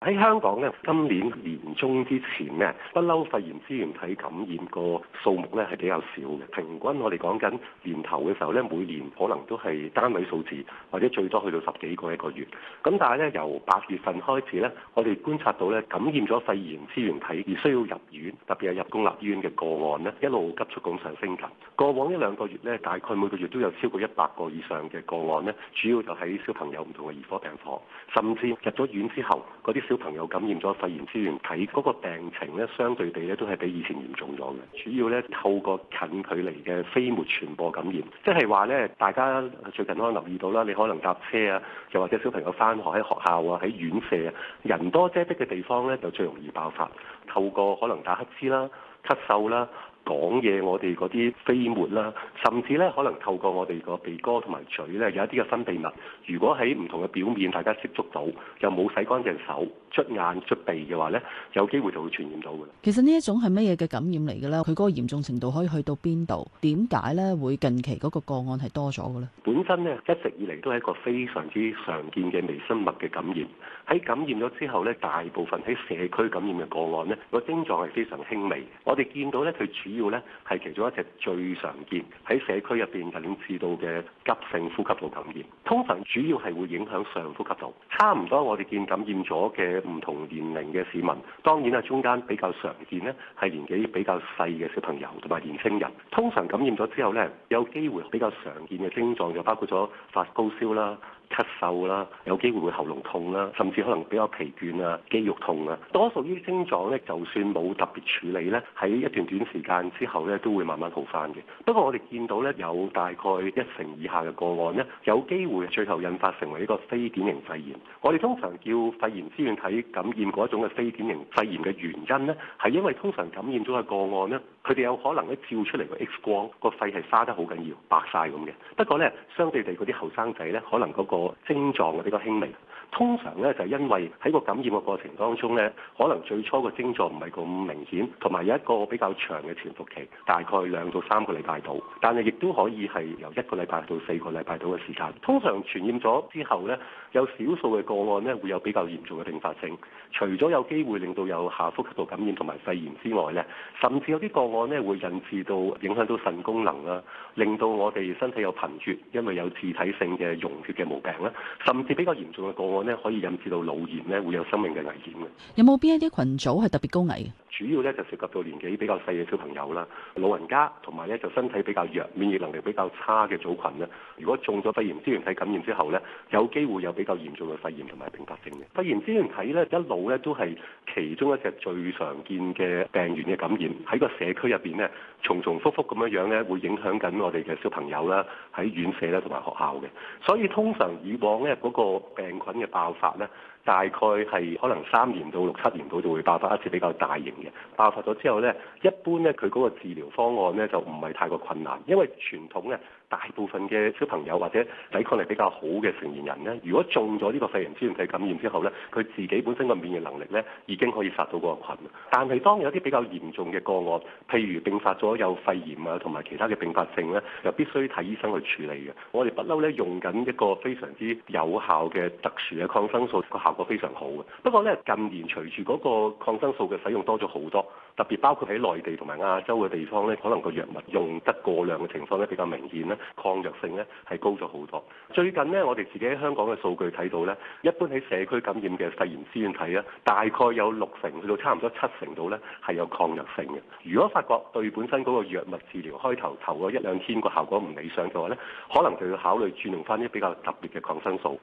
喺香港咧，今年年中之前呢，不嬲肺炎支原體感染個數目咧係比較少嘅，平均我哋講緊年頭嘅時候咧，每年可能都係單位數字，或者最多去到十幾個一個月。咁但係咧，由八月份開始咧，我哋觀察到咧，感染咗肺炎支原體而需要入院，特別係入公立醫院嘅個案呢，一路急速咁上升緊。過往一兩個月呢，大概每個月都有超過一百個以上嘅個案呢，主要就喺小朋友唔同嘅兒科病房，甚至入咗院之後嗰啲。小朋友感染咗肺炎支原體，睇嗰個病情咧，相對地咧都係比以前嚴重咗嘅。主要咧，透過近距離嘅飛沫傳播感染，即係話咧，大家最近可能留意到啦，你可能搭車啊，又或者小朋友返學喺學校啊，喺院舍啊，人多擠迫嘅地方咧就最容易爆發。透過可能打乞嗤啦、咳嗽啦、講嘢，我哋嗰啲飛沫啦，甚至咧可能透過我哋個鼻哥同埋嘴咧有一啲嘅分泌物，如果喺唔同嘅表面大家接觸到，又冇洗乾淨手、捽眼、捽鼻嘅話咧，有機會就會傳染到嘅。其實呢一種係乜嘢嘅感染嚟嘅咧？佢嗰個嚴重程度可以去到邊度？點解咧會近期嗰個個案係多咗嘅咧？本身咧一直以嚟都係一個非常之常見嘅微生物嘅感染，喺感染咗之後咧，大部分喺社區感染嘅個案咧。個症狀係非常輕微，我哋見到咧，佢主要咧係其中一隻最常見喺社區入邊感染到嘅急性呼吸道感染，通常主要係會影響上呼吸道。差唔多我哋見感染咗嘅唔同年齡嘅市民，當然啊，中間比較常見呢係年紀比較細嘅小朋友同埋年輕人。通常感染咗之後呢，有機會比較常見嘅症狀就包括咗發高燒啦、咳嗽啦，有機會會喉嚨痛啦，甚至可能比較疲倦啊、肌肉痛啊。多數呢啲症狀呢，就算冇特別處理呢，喺一段短時間之後呢，都會慢慢好翻嘅。不過我哋見到呢，有大概一成以下嘅個案呢，有機會最後引發成為呢個非典型肺炎。我哋通常叫肺炎支原體感染嗰一種嘅非典型肺炎嘅原因呢，係因為通常感染咗嘅個案呢，佢哋有可能咧照出嚟個 X 光個肺係沙得好緊要白晒咁嘅。不過呢，相對地嗰啲後生仔呢，可能嗰個症狀比較輕微。通常咧就係因為喺個感染嘅過程當中咧，可能最初個症狀唔係咁明顯，同埋有一個比較長嘅潛伏期，大概兩到三個禮拜度，但係亦都可以係由一個禮拜到四個禮拜度嘅時間。通常傳染咗之後咧，有少數嘅個案咧會有比較嚴重嘅併發症，除咗有機會令到有下呼吸道感染同埋肺炎之外咧，甚至有啲個案咧會引致到影響到腎功能啦，令到我哋身體有貧血，因為有自體性嘅溶血嘅毛病啦，甚至比較嚴重嘅個案。可以引致到腦炎咧，會有生命嘅危險嘅。有冇邊一啲群組係特別高危？主要咧就涉及到年紀比較細嘅小朋友啦、老人家同埋咧就身體比較弱、免疫能力比較差嘅組群呢。如果中咗肺炎支原體感染之後呢，有機會有比較嚴重嘅肺炎同埋併發症嘅。肺炎支原體呢，一路呢都係其中一隻最常見嘅病原嘅感染，喺個社區入邊呢，重重複複咁樣樣呢，會影響緊我哋嘅小朋友啦、喺院舍啦同埋學校嘅。所以通常以往呢，嗰個病菌嘅爆發呢，大概係可能三年到六七年度就會爆發一次比較大型嘅。爆發咗之後咧，一般咧，佢嗰個治療方案咧，就唔係太過困難，因為傳統咧。大部分嘅小朋友或者抵抗力比較好嘅成年人咧，如果中咗呢個肺炎支原體感染之後咧，佢自己本身個免疫能力咧已經可以殺到嗰個菌。但係當有啲比較嚴重嘅個案，譬如併發咗有肺炎啊，同埋其他嘅併發症咧，又必須睇醫生去處理嘅。我哋不嬲咧用緊一個非常之有效嘅特殊嘅抗生素，個效果非常好嘅。不過咧，近年隨住嗰個抗生素嘅使用多咗好多。特別包括喺內地同埋亞洲嘅地方咧，可能個藥物用得過量嘅情況咧比較明顯咧，抗藥性咧係高咗好多。最近呢，我哋自己喺香港嘅數據睇到咧，一般喺社區感染嘅肺炎支原體咧，大概有六成去到差唔多七成度咧係有抗藥性嘅。如果發覺對本身嗰個藥物治療開頭頭嗰一兩天個效果唔理想嘅話咧，可能就要考慮轉用返啲比較特別嘅抗生素。